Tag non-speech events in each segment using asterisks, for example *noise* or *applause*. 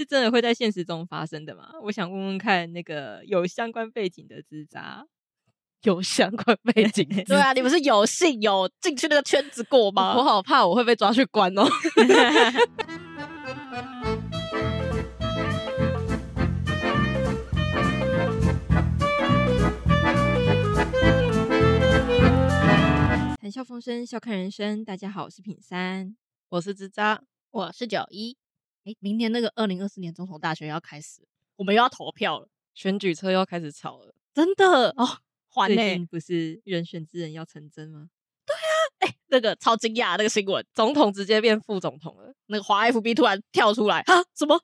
是真的會在現實中發生的嗎？我想問問看，那個有相關背景的枝扎，有相關背景， *laughs* 對啊，你不是有幸有進去那個圈子過嗎？ *laughs* 我好怕我會被抓去關哦。談笑瘋生，笑看人生。大家好，我是品三，我是枝扎，我是九一。我明年那個二零二四年總統大選要開始，我們又要投票了，選舉車要開始吵了，真的哦，換嘞，不是人選之人要成真嗎？對啊，哎，那個超驚訝那個新聞，總統直接變副總統了，那個華 F B 突然跳出來啊，什麼？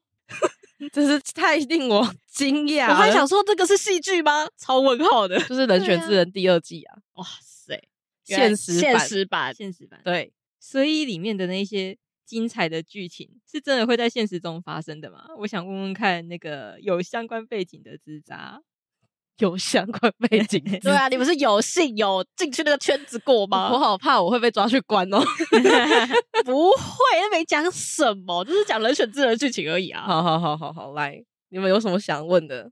真是太令我驚訝，我還想說這個是戲劇嗎？超問號的，就是《人選之人》第二季啊，哇塞，現實版、現實版，對，所以裡面的那些。精彩的劇情是真的會在現實中發生的嗎？我想問問看，那個有相關背景的渣渣，有相關背景？ *laughs* 對啊，你不是有幸有進去那個圈子過嗎我？我好怕我會被抓去關哦、喔！ *laughs* *laughs* 不會，那沒講什麼，就是講人選之人的劇情而已啊！好 *laughs* 好好好好，來，你們有什麼想問的？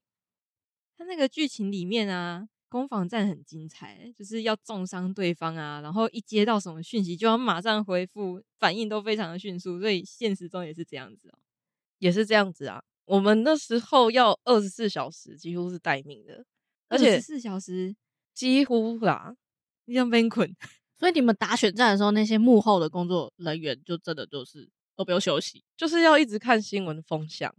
*laughs* 他那個劇情裡面啊。攻防戰很精彩，就是要重傷對方啊！然後一接到什麼訊息，就要馬上回復，反應都非常的迅速。所以現實中也是這樣子、喔、也是這樣子啊。我們那時候要二十四小時，幾乎是待命的，而且四小時幾乎啦，你像 Van q n 所以你們打選戰的時候，那些幕後的工作人員就真的就是都不用休息，就是要一直看新聞風向。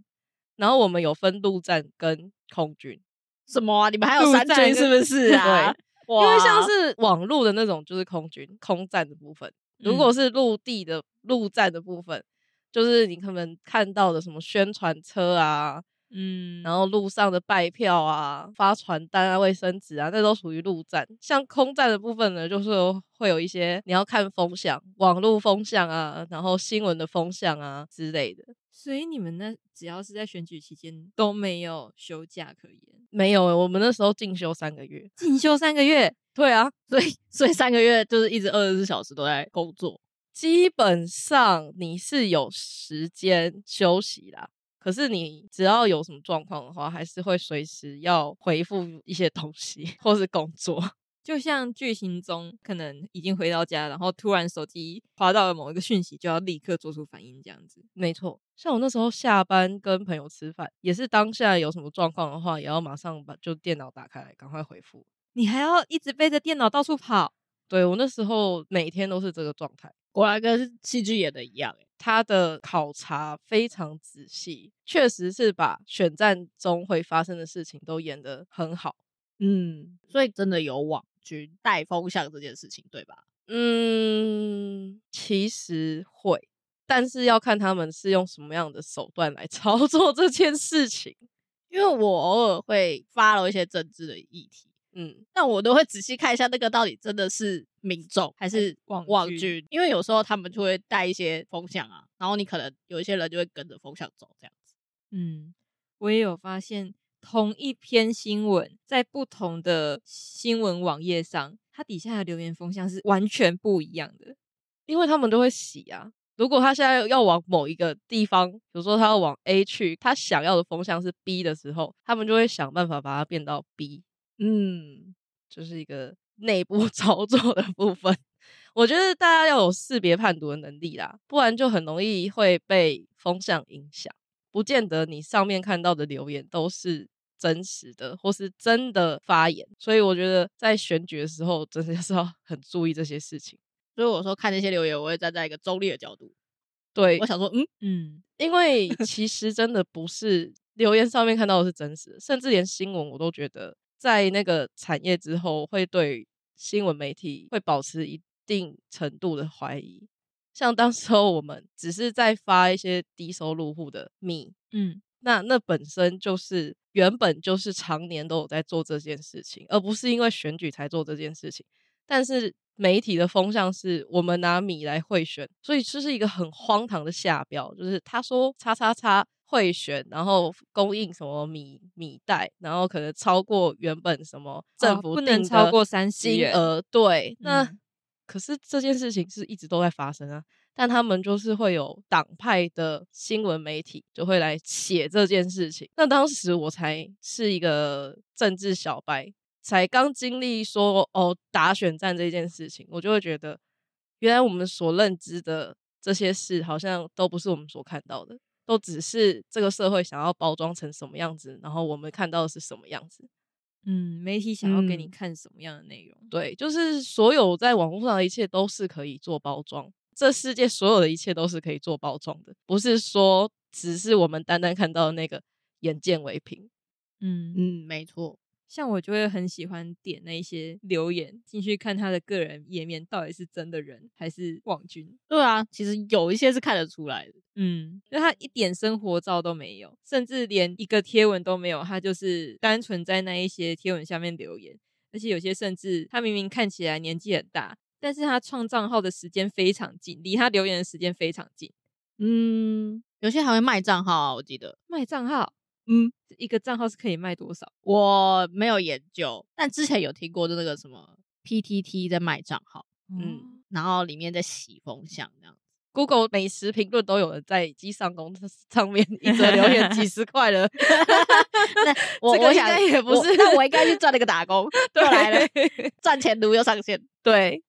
然後我們有分陸戰跟空軍。什麼啊？你們還有三軍是不是啊？是是啊對，哇因為像是網路的那種，就是空軍空戰的部分；嗯、如果是陸地的陸戰的部分，就是你可能看到的什麼宣傳車啊。嗯，然後路上的拜票啊、發傳單啊、衛生紙啊，那都屬於陸戰。像空戰的部分呢，就是有會有一些你要看風向、網絡風向啊，然後新聞的風向啊之類的。所以你們那只要是在選舉期間都沒有休假可言。沒有，我們那時候禁休三個月。禁休三個月？對啊，所以所以三個月就是一直二十四小時都在工作，基本上你是有時間休息啦。可是你只要有什麼狀況的話，還是會隨時要回復一些東西，或是工作。就像劇情中，可能已經回到家，然後突然手機滑到了某一個訊息，就要立刻做出反應，這樣子。沒錯，像我那時候下班跟朋友吃飯，也是當下有什麼狀況的話，也要馬上把就電腦打開來，趕快回復。你還要一直背着電腦到處跑？對，我那時候每天都是這個狀態，果然跟戲劇演的一樣，欸他的考察非常仔細，確實是把選戰中會發生的事情都演得很好。嗯，所以真的有網軍帶風向這件事情，對吧？嗯，其實會，但是要看他們是用什麼樣的手段來操作這件事情。因為我偶爾會 follow 一些政治的議題。嗯，那我都會仔細看一下那個到底真的是民眾還是網軍，因為有時候他們就會帶一些風向啊，然後你可能有一些人就會跟着風向走這樣子。嗯，我也有發現，同一篇新聞在不同的新聞網頁上，它底下的留言風向是完全不一樣的，因為他們都會洗啊。如果他現在要往某一個地方，比如說他要往 A 去，他想要的風向是 B 的時候，他們就會想辦法把它變到 B。嗯，就是一個內部操作的部分。 *laughs* 我覺得大家要有識別判讀的能力啦，不然就很容易會被風向影響。不見得你上面看到的留言都是真實的，或是真的發言。所以我覺得在選舉的時候，真的是要很注意這些事情。所以我說看這些留言，我會站在一個中立的角度。對，我想說，嗯嗯，因為其實真的不是 *laughs* 留言上面看到的是真實的，甚至連新聞我都覺得。在那個產業之後，會對新聞媒體會保持一定程度的懷疑。像當時候我們只是在發一些低收入戶的米，嗯，那那本身就是原本就是常年都有在做這件事情，而不是因為選舉才做這件事情。但是媒體的風向是我們拿米來賄選，所以這是一個很荒唐的下標。就是他說“叉叉叉”。賄選，然後供應什麼米米袋，然後可能超過原本什麼政府的，哦、不能超過三星元，對。嗯、那可是這件事情是一直都在發生啊，但他們就是會有黨派的新聞媒體就會來寫這件事情。那當時我才是一個政治小白，才剛經歷說哦，打選戰這件事情，我就會覺得原來我們所認知的這些事，好像都不是我們所看到的。都只是這個社會想要包裝成什麼樣子，然後我們看到的是什麼樣子。嗯，媒體想要給你看什麼樣的內容？嗯，對，就是所有在網絡上的一切都是可以做包裝，這世界所有的一切都是可以做包裝的，不是說只是我們單單看到的那個眼見為憑。嗯嗯，沒錯。像我就會很喜歡點那一些留言進去看他的個人頁面，到底是真的人還是網軍？對啊，其實有一些是看得出來的。嗯，因為他一點生活照都沒有，甚至連一個貼文都沒有，他就是單純在那一些貼文下面留言。而且有些甚至他明明看起來年紀很大，但是他創賬號的時間非常近，離他留言的時間非常近。嗯，有些還會賣賬號啊，我記得賣賬號。嗯，一個賬號是可以賣多少？我沒有研究，但之前有聽過，的那個什麼 PTT 在賣賬號，嗯，嗯，然後裡面在洗風向，那樣子。Google 美食評論都有人在機上工上面一則留言幾十塊了。 *laughs* *laughs* *laughs* 那我我想也不是，那我應該去賺了個打工 *laughs* 對。來了，賺 *laughs* 錢途又上線。對、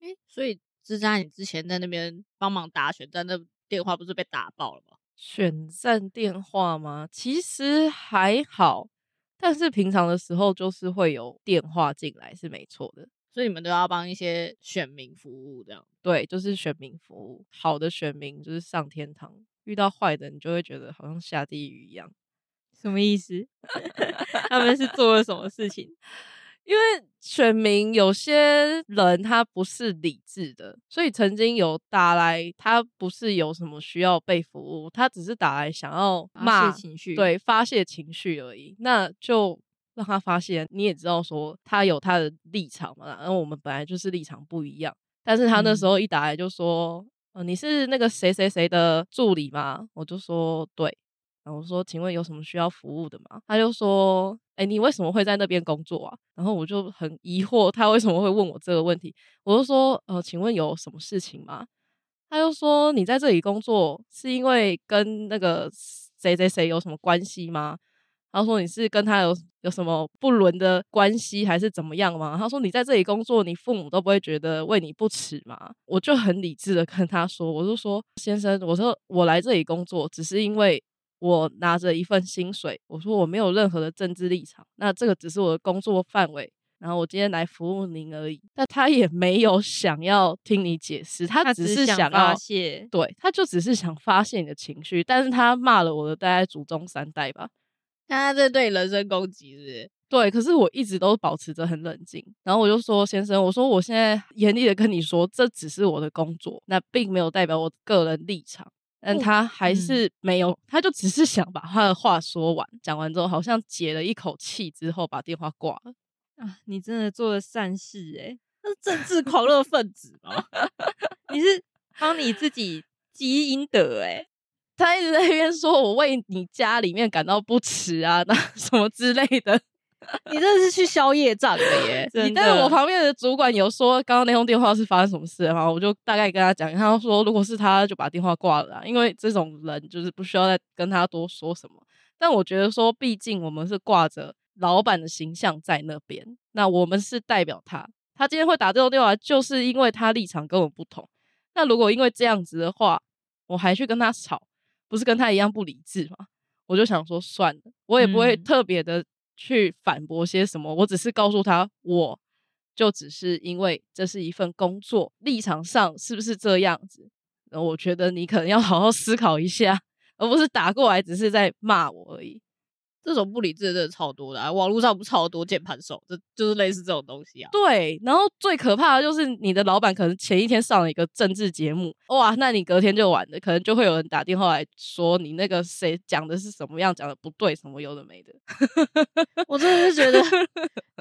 欸，所以之在你之前在那邊幫忙打選戰，在那電話不是被打爆了嗎？選戰電話嗎？其實還好，但是平常的時候就是會有電話進來，是沒錯的。所以你們都要幫一些選民服務，這樣。對，就是選民服務。好的選民就是上天堂，遇到壞的，你就會覺得好像下地獄一樣。什麼意思？ *laughs* *laughs* 他們是做了什麼事情？因為選民有些人他不是理智的，所以曾經有打來，他不是有什麼需要被服務，他只是打來想要罵，發洩情緒，對，發洩情緒而已。那就讓他發洩。你也知道說他有他的立場嘛，然後我們本來就是立場不一樣。但是他那時候一打來就說，嗯，呃，你是那個誰誰誰的助理嗎？我就說對。我說：“請問有什麼需要服務的嗎？”他就說：“哎，你為什麼會在那邊工作啊？”然後我就很疑惑，他為什麼會問我這個問題？我就說：“呃，請問有什麼事情嗎？”他就說：“你在這裡工作是因為跟那個誰誰誰有什麼關係嗎？”他說：“你是跟他有有什麼不倫的關係還是怎麼樣嗎？”他說：“你在這裡工作，你父母都不會覺得為你不恥嗎？”我就很理智的跟他說：“我就說，先生，我說我來這裡工作只是因為。”我拿着一份薪水，我說我沒有任何的政治立場，那這個只是我的工作範圍，然後我今天來服務您而已。但他也沒有想要聽你解釋，他只是想要發洩，對，他就只是想發洩你的情緒，但是他罵了我的大家祖宗三代吧？那他在對你人身攻擊，是不是？對，可是我一直都保持着很冷靜，然後我就說，先生，我說我現在嚴厲的跟你說，這只是我的工作，那並沒有代表我個人立場。但他還是沒有，嗯、他就只是想把他的話說完，講完之後好像解了一口氣之後，把電話掛了。啊，你真的做了善事誒、欸、那是政治狂熱分子嗎？ *laughs* 你是幫你自己積陰德誒、欸、他一直在那邊說：“我為你家裡面感到不恥啊，那什麼之類的。” *laughs* 你這是去宵夜站了耶！的你但是我旁邊的主管有說，剛剛那通電話是發生什麼事，然後我就大概跟他講。他說，如果是他，就把電話掛了啦，因為這種人就是不需要再跟他多說什麼。但我覺得說，畢竟我們是掛着老闆的形象在那邊，那我們是代表他。他今天會打這種電話，就是因為他立場跟我不同。那如果因為這樣子的話，我還去跟他吵，不是跟他一樣不理智嗎？我就想說，算了，我也不會特別的、嗯。去反駁些什麼？我只是告訴他，我就只是因為這是一份工作，立場上是不是這樣子？那我覺得你可能要好好思考一下，而不是打過來，只是在罵我而已。這種不理智的真的超多的啊，網絡上不超多鍵盤手，這就是類似這種東西啊。對，然後最可怕的就是你的老板可能前一天上了一個政治節目，哇，那你隔天就完了，可能就會有人打電話來說你那個誰講的是什麼樣，講的不對，什麼有的沒的。 *laughs* 我真的是覺得，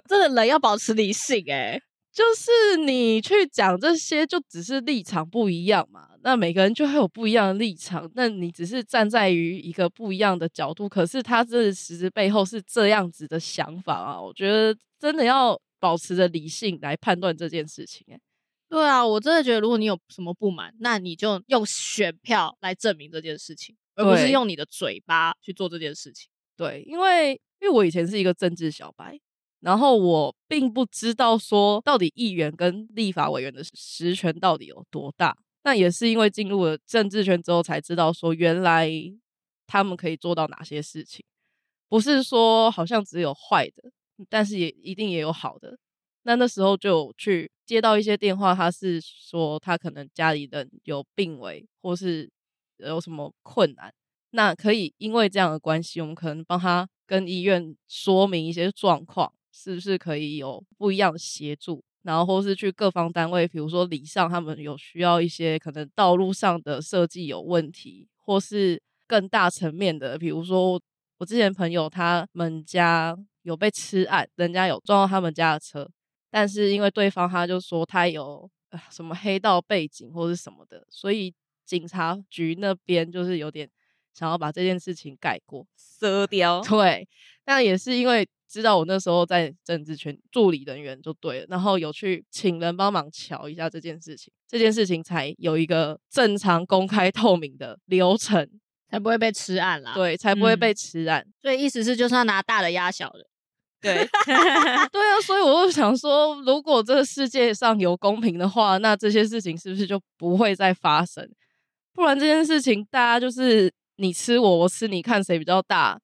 這個人要保持理性欸。就是你去講這些，就只是立場不一樣嘛。那每個人就會有不一樣的立場，那你只是站在於一個不一樣的角度。可是他這其實背後是這樣子的想法啊。我覺得真的要保持着理性來判斷這件事情，欸。對啊，我真的覺得，如果你有什麼不滿，那你就用選票來證明這件事情，對而不是用你的嘴巴去做這件事情。對，因為因為我以前是一個政治小白。然後我並不知道說到底議員跟立法委員的實權到底有多大，那也是因為進入了政治圈之後才知道說原來他們可以做到哪些事情，不是說好像只有壞的，但是也一定也有好的。那那時候就去接到一些電話，他是說他可能家裡人有病危，或是有什麼困難，那可以因為這樣的關係，我們可能幫他跟醫院說明一些狀況。是不是可以有不一樣的協助？然後或是去各方單位，比如說理上他們有需要一些可能道路上的設計有問題，或是更大層面的，比如說我之前朋友他們家有被吃案，人家有撞到他們家的車，但是因為對方他就說他有什麼黑道背景或是什麼的，所以警察局那邊就是有點想要把這件事情改過。蛇雕調對，但也是因為。知道我那時候在政治圈助理人員就對了，然後有去請人幫忙喬一下這件事情，這件事情才有一個正常、公開、透明的流程，才不會被吃案啦。對，才不會被吃案，嗯。所以意思是就是要拿大的壓小的。對， *laughs* 對啊。所以我就想說，如果這個世界上有公平的話，那這些事情是不是就不會再發生？不然這件事情大家就是你吃我，我吃你，看誰比較大。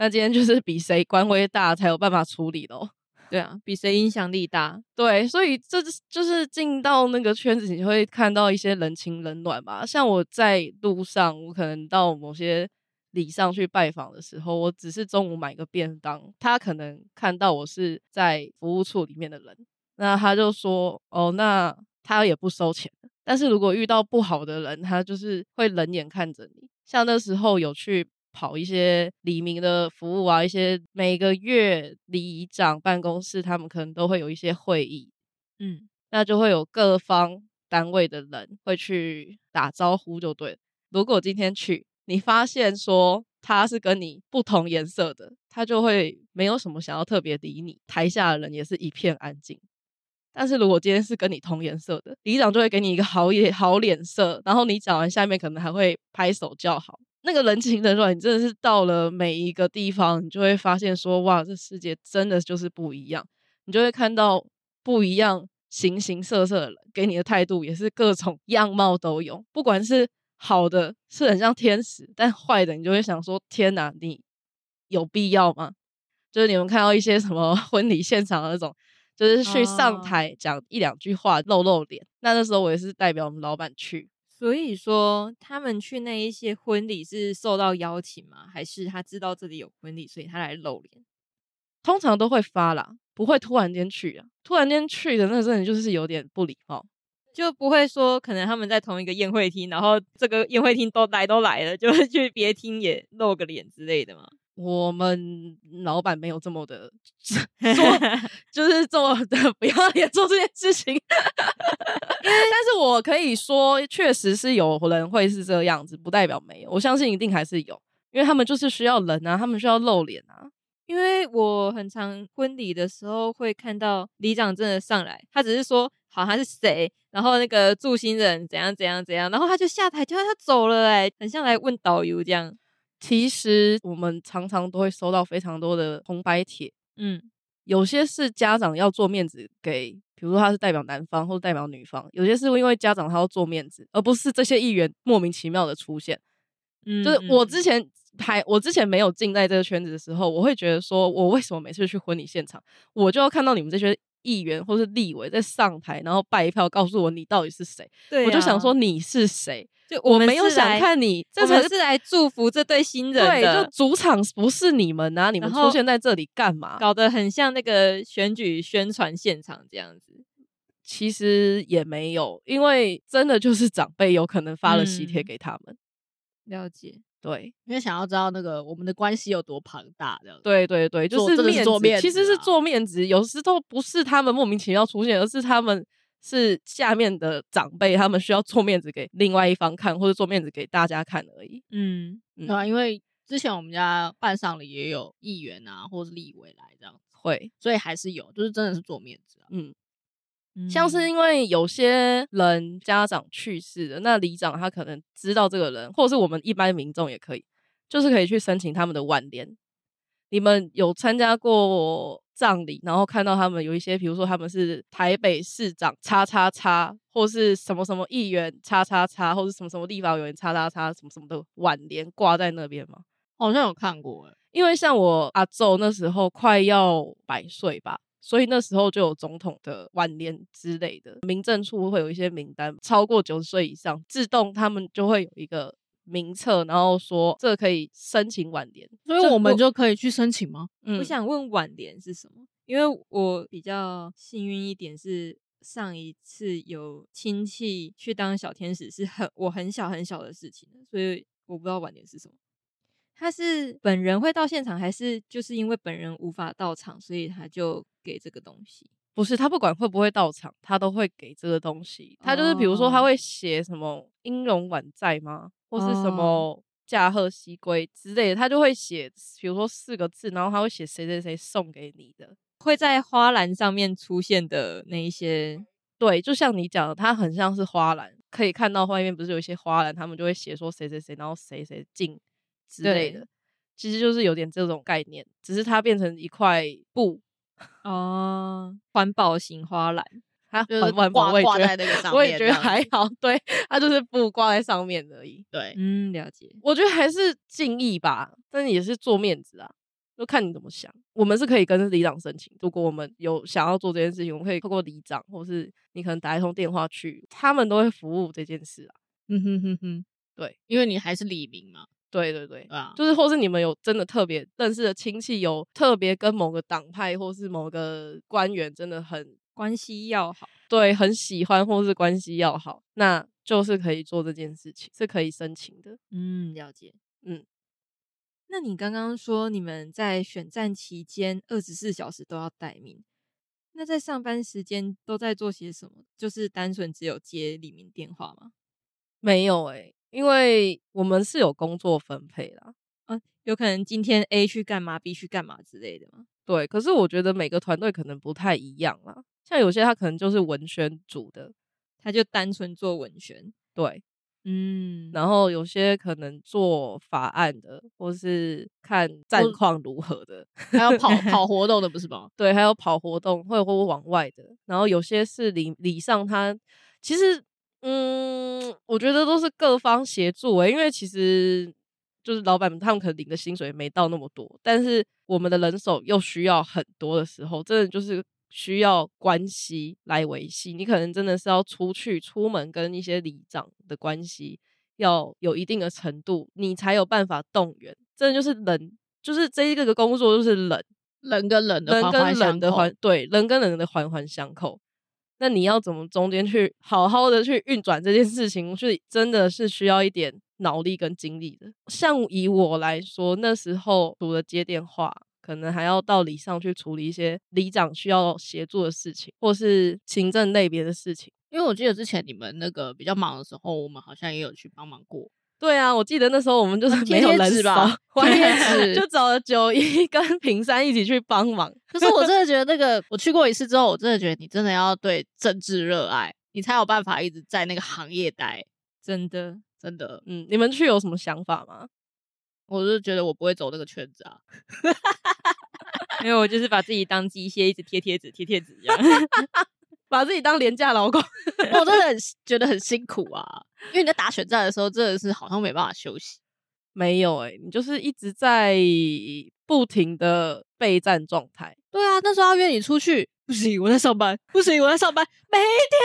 那今天就是比誰官威大才有辦法處理咯。對啊，比誰影響力大，對，所以這就是進到那個圈子，你會看到一些人情冷暖吧。像我在路上，我可能到某些禮上去拜訪的時候，我只是中午買個便當，他可能看到我是在服務處裡面的人，那他就說哦，那他也不收錢。但是如果遇到不好的人，他就是會冷眼看着你。像那時候有去，跑一些黎明的服務啊，一些每個月里長辦公室，他們可能都會有一些會議，嗯，那就會有各方單位的人會去打招呼，就對了。如果今天去，你發現說他是跟你不同顏色的，他就會沒有什麼想要特別理你。台下的人也是一片安靜。但是如果今天是跟你同顏色的，里長就會給你一個好眼好臉色，然後你講完，下面可能還會拍手叫好。那個人情冷暖，你真的是到了每一個地方，你就會發現說：哇，這世界真的就是不一樣。你就會看到不一樣形形色色的人給你的態度，也是各種樣貌都有。不管是好的，是很像天使；但壞的，你就會想說：天哪，你有必要嗎？就是你們看到一些什麼婚禮現場的那種，就是去上台講一兩句話露露臉。那那時候我也是代表我們老闆去。所以說，他們去那一些婚禮是受到邀請嗎？還是他知道這裡有婚禮，所以他來露臉？通常都會發啦，不會突然間去啊。突然間去的那真的就是有點不禮貌，就不會說可能他們在同一個宴會廳，然後這個宴會廳都來都來了，就是去別廳也露個臉之類的嘛。我們老闆沒有這麼的做，就是做的不要臉做這件事情。但是，我可以說，確實是有人會是這樣子，不代表沒有。我相信一定還是有，因為他們就是需要人啊，他們需要露臉啊。因為我很常婚禮的時候會看到里長真的上來，他只是說好他是誰，然後那個祝新人怎樣怎樣怎樣，然後他就下台叫他走了，哎，很像來問導遊這樣。其實我們常常都會收到非常多的紅白帖，嗯，有些是家長要做面子給，比如說他是代表男方或代表女方，有些是因為家長他要做面子，而不是這些議員莫名其妙的出現，嗯，就是我之前還我之前沒有進在這個圈子的時候，我會覺得說，我為什麼每次去婚禮現場，我就要看到你們這些議員或是立委在上台，然後拜一票告訴我你到底是誰？對，我就想說你是誰。就我沒有想看你，我們，我們是來祝福這對新人的。對，就主場不是你們啊，你們出現在這裡幹嘛？搞得很像那個選舉宣傳現場這樣子。其實也沒有，因為真的就是長輩有可能發了喜帖給他們。嗯、了解，對，因為想要知道那個我們的關係有多龐大的。對對對，就是面子，其實是做面子，有時都不是他們莫名其妙出現，而是他們。是下面的長輩，他們需要做面子給另外一方看，或者做面子給大家看而已。嗯，對啊、嗯，嗯、因為之前我們家辦喪禮也有議員啊，或是立委來這樣子，會，所以還是有，就是真的是做面子啊。嗯，像是因為有些人家長去世的，那里長他可能知道這個人，或者是我們一般民眾也可以，就是可以去申請他們的挽聯。你們有參加過葬禮，然後看到他們有一些，比如說他們是台北市長叉叉叉，或是什麼什麼議員叉叉叉，或是什麼什麼地方有人叉叉叉什麼什麼的挽聯掛在那邊嗎？好像有看過，欸，因為像我阿祖那時候快要百歲吧，所以那時候就有總統的挽聯之類的，民政處會有一些名單，超過九十歲以上自動他們就會有一個。名冊，然後說這可以申請輓聯，所以我們就可以去申請嗎？我想問輓聯是什麼？嗯、因為我比較幸運一點是上一次有親戚去當小天使是很我很小很小的事情，所以我不知道輓聯是什麼。他是本人會到現場，還是就是因為本人無法到場，所以他就給這個東西？不是，他不管會不會到場，他都會給這個東西。他就是比如說他會寫什麼 “oh. 音容宛在”嗎，或是什麼 “oh. 駕鶴西歸”之類的，他就會寫，比如說四個字，然後他會寫誰誰誰送給你的，會在花籃上面出現的那一些。對，就像你講的，它很像是花籃，可以看到外面，不是有一些花籃，他們就會寫說誰誰誰，然後誰誰進之類的，類的其實就是有點這種概念，只是它變成一塊布。哦，環保型花籃，它、啊、就是掛掛在那個上面，我也覺得還好。對，它就是布掛在上面而已。對，嗯，了解。我覺得還是敬意吧，但也是做面子啊，就看你怎麼想。我們是可以跟里長申請，如果我們有想要做這件事情，我們可以透過里長，或是你可能打一通電話去，他們都會服務這件事啊。嗯哼哼哼，對，因為你還是里民嘛。對對對，對啊，就是或是你們有真的特別認識的親戚，有特別跟某個黨派或是某個官員真的很關係要好，對，很喜歡或是關係要好，那就是可以做這件事情，是可以申請的。嗯，了解。嗯，那你剛剛說你們在選戰期間二十四小時都要待命，那在上班時間都在做些什麼？就是單純只有接李明電話嗎？沒有，欸，哎。因為我們是有工作分配啦，啊，有可能今天 A 去幹嘛，B 去幹嘛之類的嘛。對，可是我覺得每個團隊可能不太一樣啦，像有些他可能就是文宣組的，他就單純做文宣，對，嗯，然後有些可能做法案的，或是看戰況如何的，還有跑跑活動的，不是嗎？ *laughs* 對，還有跑活動，會不會往外的，然後有些是禮禮上他其實。嗯，我覺得都是各方協助欸，因為其實就是老闆他們可能領的薪水沒到那麼多，但是我們的人手又需要很多的時候，真的就是需要關係來維繫。你可能真的是要出去出門，跟一些里長的關係要有一定的程度，你才有辦法動員。真的就是人，就是這一個個工作，就是人人跟人的，環環相扣。人跟人的環，對，人跟人的環環相扣。那你要怎麼中間去好好的去運轉這件事情，是真的是需要一點腦力跟精力的。像以我來說，那時候除了接電話，可能還要到里上去處理一些里長需要協助的事情，或是行政類別的事情。因為我記得之前你們那個比較忙的時候，我們好像也有去幫忙過。對啊，我記得那時候我們就是沒有人是吧，貼貼紙就找了九一跟平山一起去幫忙。可 *laughs* 是我真的覺得那個，我去過一次之後，我真的覺得你真的要對政治熱愛，你才有辦法一直在那個行業待。真的，真的，嗯，你們去有什麼想法嗎？我是覺得我不會走那個圈子啊，因 *laughs* 為 *laughs* 我就是把自己當機械，一直貼貼紙，貼貼紙一樣。 *laughs* 把自己當廉價勞工，哦，我真的很 *laughs* 覺得很辛苦啊！因為你在打選戰的時候，真的是好像沒辦法休息。沒有誒、欸、你就是一直在不停的備戰狀態。對啊，那時候約你出去，不行，我在上班，不行，我在上班， *laughs* 每一天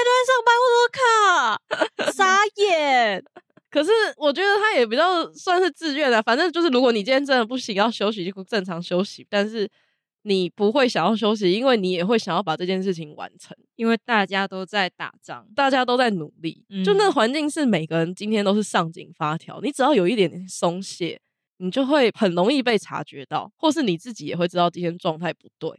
都在上班，我靠，傻眼。 *laughs* 可是我覺得他也比較算是自願啊。反正就是如果你今天真的不行要休息，就正常休息。但是。你不會想要休息，因為你也會想要把這件事情完成，因為大家都在打仗，大家都在努力，嗯、就那個環境是每個人今天都是上緊發條，你只要有一點點鬆懈，你就會很容易被察覺到，或是你自己也會知道今天狀態不對。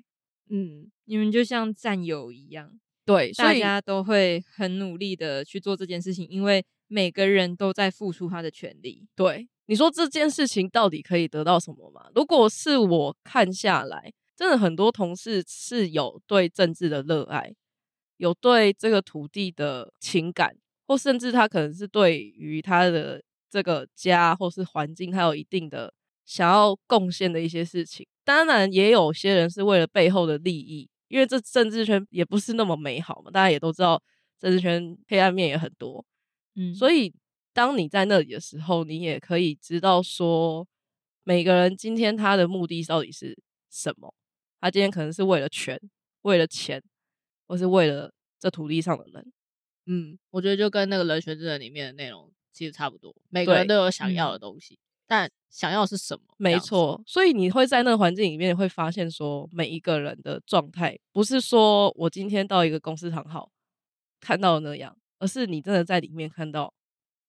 嗯，你們就像戰友一樣，對，所以大家都會很努力的去做這件事情，因為每個人都在付出他的全力。對，你說這件事情到底可以得到什麼嗎？如果是我看下來。真的很多同事是有對政治的熱愛，有對這個土地的情感，或甚至他可能是對於他的這個家或是環境，還有一定的想要貢獻的一些事情。當然，也有些人是為了背後的利益，因為這政治圈也不是那麼美好嘛，大家也都知道政治圈黑暗面也很多。嗯，所以當你在那裡的時候，你也可以知道說，每個人今天他的目的到底是什麼。他、啊、今天可能是為了權，為了錢，或是為了這土地上的人。嗯，我覺得就跟那個《人選之人》裡面的內容其實差不多。對每個人都有想要的東西，嗯、但想要是什麼？沒錯。所以你會在那個環境裡面會發現說，說每一個人的狀態，不是說我今天到一個公司很好看到的那樣，而是你真的在裡面看到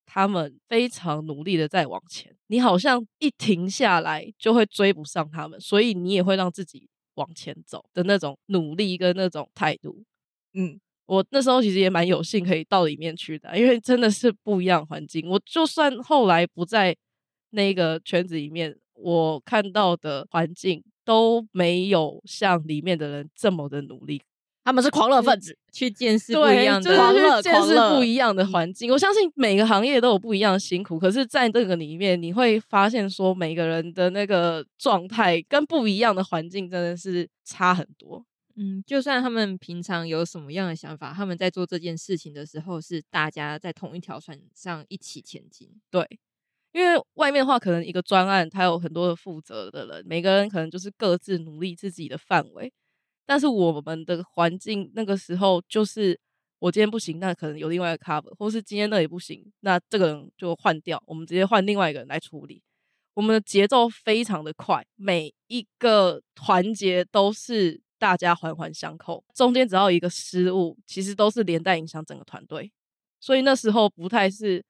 他們非常努力的在往前。你好像一停下來就會追不上他們，所以你也會讓自己。往前走的那種努力跟那種態度。嗯，我那時候其實也蠻有幸可以到裡面去的啊，因為真的是不一樣環境。我就算後來不在那個圈子裡面，我看到的環境都沒有像裡面的人這麼的努力。他們是狂熱分子，去見識不一樣的，對，狂熱，但是不一樣的環境。我相信每個行業都有不一樣的辛苦，嗯，可是，在這個裡面，你會發現說，每個人的那個狀態跟不一樣的環境真的是差很多。嗯，就算他們平常有什麼樣的想法，他們在做這件事情的時候，是大家在同一條船上一起前進。對，因為外面的話，可能一個專案，它有很多的負責的人，每個人可能就是各自努力自己的範圍。但是我們的環境那個時候就是，我今天不行，那可能有另外一個 cover，或是今天那也不行，那這個人就換掉，我們直接換另外一個人來處理。我們的節奏非常的快，每一個環節都是大家環環相扣，中間只要一個失誤，其實都是連帶影響整個團隊。所以那時候不太是，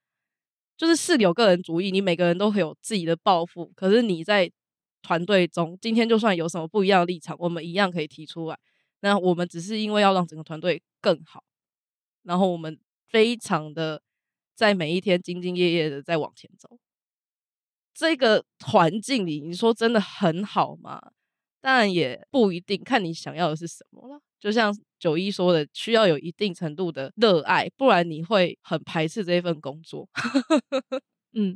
就是是有個人主義，你每個人都會有自己的抱負，可是你在，團隊中，今天就算有什麼不一樣的立場，我們一樣可以提出來。那我們只是因為要讓整個團隊更好，然後我們非常的在每一天兢兢業業的在往前走。這個環境裡，你說真的很好嗎？當然也不一定，看你想要的是什麼了。就像九一說的，需要有一定程度的熱愛，不然你會很排斥這份工作。 *laughs* 嗯。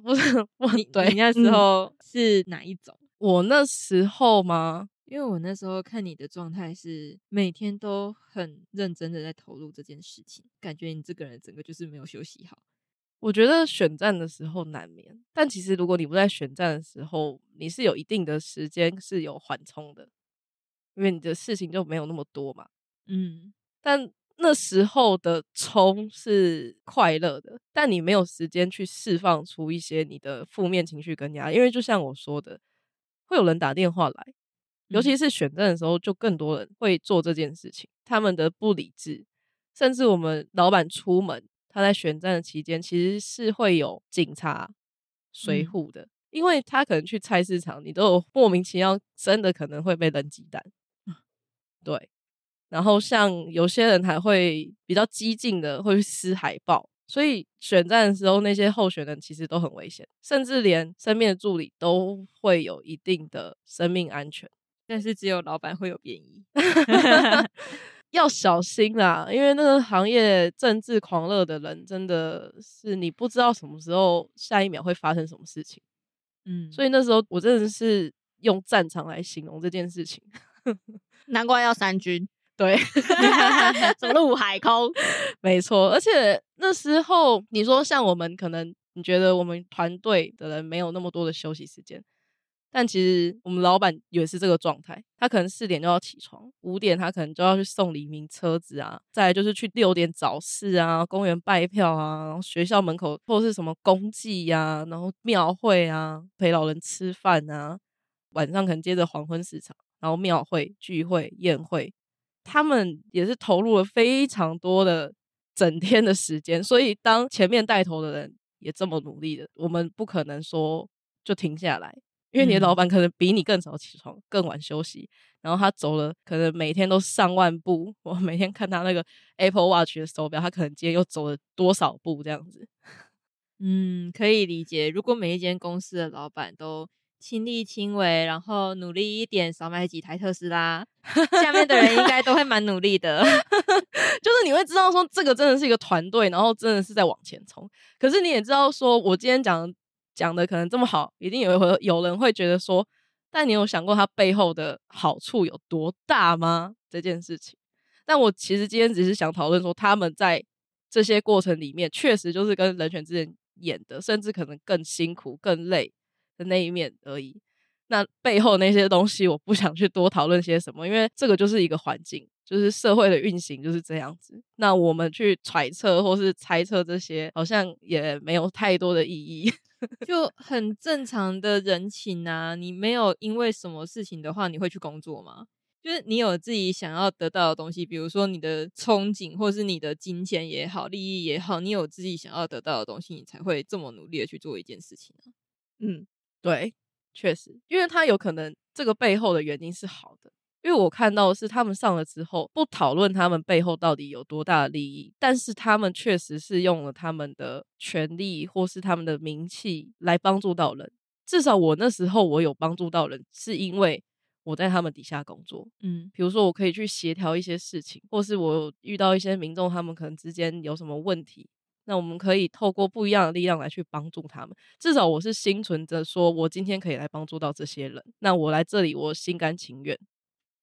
不是 *laughs* 我很對你，你那時候、嗯、是哪一種？我那時候嗎？因為我那時候看你的狀態是每天都很認真的在投入這件事情，感覺你這個人整個就是沒有休息好。我覺得選戰的時候難免，但其實如果你不在選戰的時候，你是有一定的時間是有緩衝的，因為你的事情就沒有那麼多嘛。嗯，但。那時候的衝是快樂的，但你沒有時間去釋放出一些你的負面情緒跟壓力，因為就像我說的，會有人打電話來，尤其是選戰的時候，就更多人會做這件事情。他們的不理智，甚至我們老板出門，他在選戰的期間，其實是會有警察隨扈的，嗯、因為他可能去菜市場，你都有莫名其妙，真的可能會被扔雞蛋。對。然後像有些人還會比較激進的，會撕海報。所以選戰的時候，那些候選人其實都很危險，甚至連身邊的助理都會有一定的生命安全。但是只有老板會有變異， *laughs* *laughs* *laughs* 要小心啦！因為那個行業政治狂熱的人真的是你不知道什麼時候下一秒會發生什麼事情。嗯，所以那時候我真的是用戰場來形容這件事情。 *laughs* 難怪要三軍。對，哈哈哈哈，陸海空， *laughs* 沒錯。而且那時候，你說像我們可能，你覺得我們團隊的人沒有那麼多的休息時間，但其實我們老板也是這個狀態。他可能四點就要起床，五點他可能就要去送黎明車子啊，再來就是去六點早市啊，公園拜票啊，然後學校門口或者是什麼公祭呀，然後廟會啊，陪老人吃飯啊，晚上可能接着黃昏市場，然後廟會聚會宴會。他們也是投入了非常多的整天的時間，所以當前面帶頭的人也這麼努力的，我們不可能說就停下來，因為你的老闆可能比你更早起床，更晚休息，然後他走了可能每天都上萬步，我每天看他那個 Apple Watch 的手錶，他可能今天又走了多少步這樣子。嗯，可以理解，如果每一間公司的老闆都親力親為，然後努力一點，少買幾台特斯拉。 *laughs* 下面的人應該都會蠻努力的， *laughs* 就是你會知道說，這個真的是一個團隊，然後真的是在往前衝。可是你也知道說，我今天講講的可能這麼好，一定有會有人會覺得說，但你有，有想過它背後的好處有多大嗎？這件事情。但我其實今天只是想討論說，他們在這些過程裡面，確實就是跟人選之人演的，甚至可能更辛苦、更累。的那一面而已，那背後那些東西我不想去多討論些什麼，因為這個就是一個環境，就是社會的運行就是這樣子。那我們去揣測或是猜測這些，好像也沒有太多的意義。 *laughs* 就很正常的人情啊，你沒有因為什麼事情的話，你會去工作嗎？就是你有自己想要得到的東西，比如說你的憧憬，或是你的金錢也好、利益也好，你有自己想要得到的東西，你才會這麼努力的去做一件事情啊。嗯。對，確實，因為他有可能這個背後的原因是好的，因為我看到的是他們上了之後，不討論他們背後到底有多大的利益，但是他們確實是用了他們的權力或是他們的名氣來幫助到人。至少我那時候我有幫助到人，是因為我在他們底下工作，嗯，比如說我可以去協調一些事情，或是我遇到一些民眾，他們可能之間有什麼問題。那我們可以透過不一樣的力量來去幫助他們，至少我是心存着說，我今天可以來幫助到這些人。那我來這裡，我心甘情願。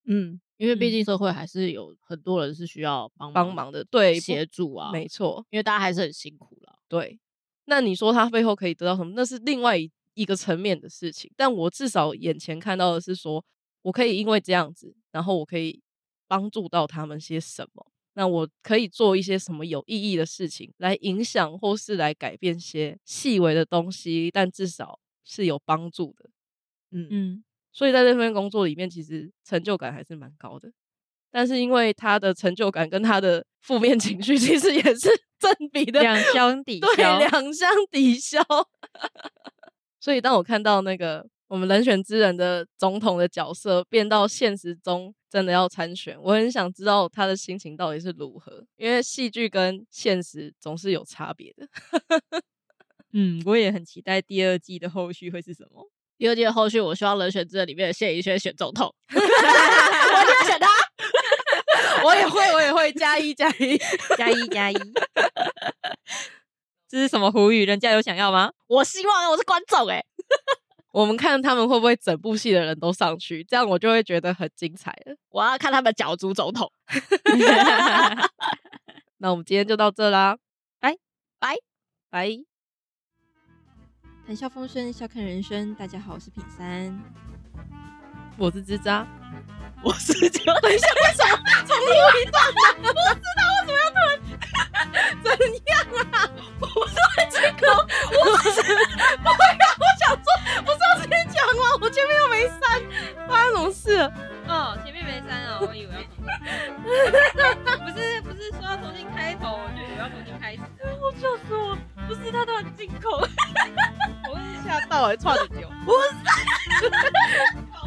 嗯，因為畢竟社會還是有很多人是需要幫忙，幫忙的，對，協助啊，沒錯，因為大家還是很辛苦的啊。對，那你說他背後可以得到什麼？那是另外一一個層面的事情。但我至少眼前看到的是說，我可以因為這樣子，然後我可以幫助到他們些什麼。那我可以做一些什麼有意義的事情，來影響或是來改變些細微的東西，但至少是有幫助的，嗯嗯。所以在這份工作裡面，其實成就感還是蠻高的。但是因為他的成就感跟他的負面情緒其實也是 *laughs* 正比的，兩相抵消，對，兩 *laughs* 相抵消。 *laughs* 所以當我看到那個。我們人選之人的總統的角色變到現實中真的要參選，我很想知道他的心情到底是如何，因為戲劇跟現實總是有差別的。嗯，我也很期待第二季的後續會是什麼。第二季的後續，我希望人選之人裡面的謝宜軒選總統， *laughs* *laughs* 我就要選他， *laughs* 我也會，我也會加一加一加一加一，這是什麼胡語？人家有想要嗎？我希望我是觀眾、欸，哎。我們看他們會不會整部戲的人都上去，這樣我就會覺得很精彩了。我要看他們角逐總統。那我們今天就到這啦，拜拜拜。Bye Bye 談笑風生，笑看人生。大家好，我是品三，我是枝扎， *laughs* 我是叫。 *laughs* 為什麼從錄一段？ *laughs* *laughs* 我知道為什麼要突然？ *laughs* 怎樣啊？ *laughs* *laughs* 我不會鞠躬，我不會。 *laughs* 我說不是要先講嗎？我前面又沒刪，發生什麼事？哦，前面沒刪啊、哦，我以為要。不是不是說要重新開頭，就以為要重新開始。我就說不是，他都很進口。 *laughs* 我一下到、欸，還串着我。是 *laughs* *laughs*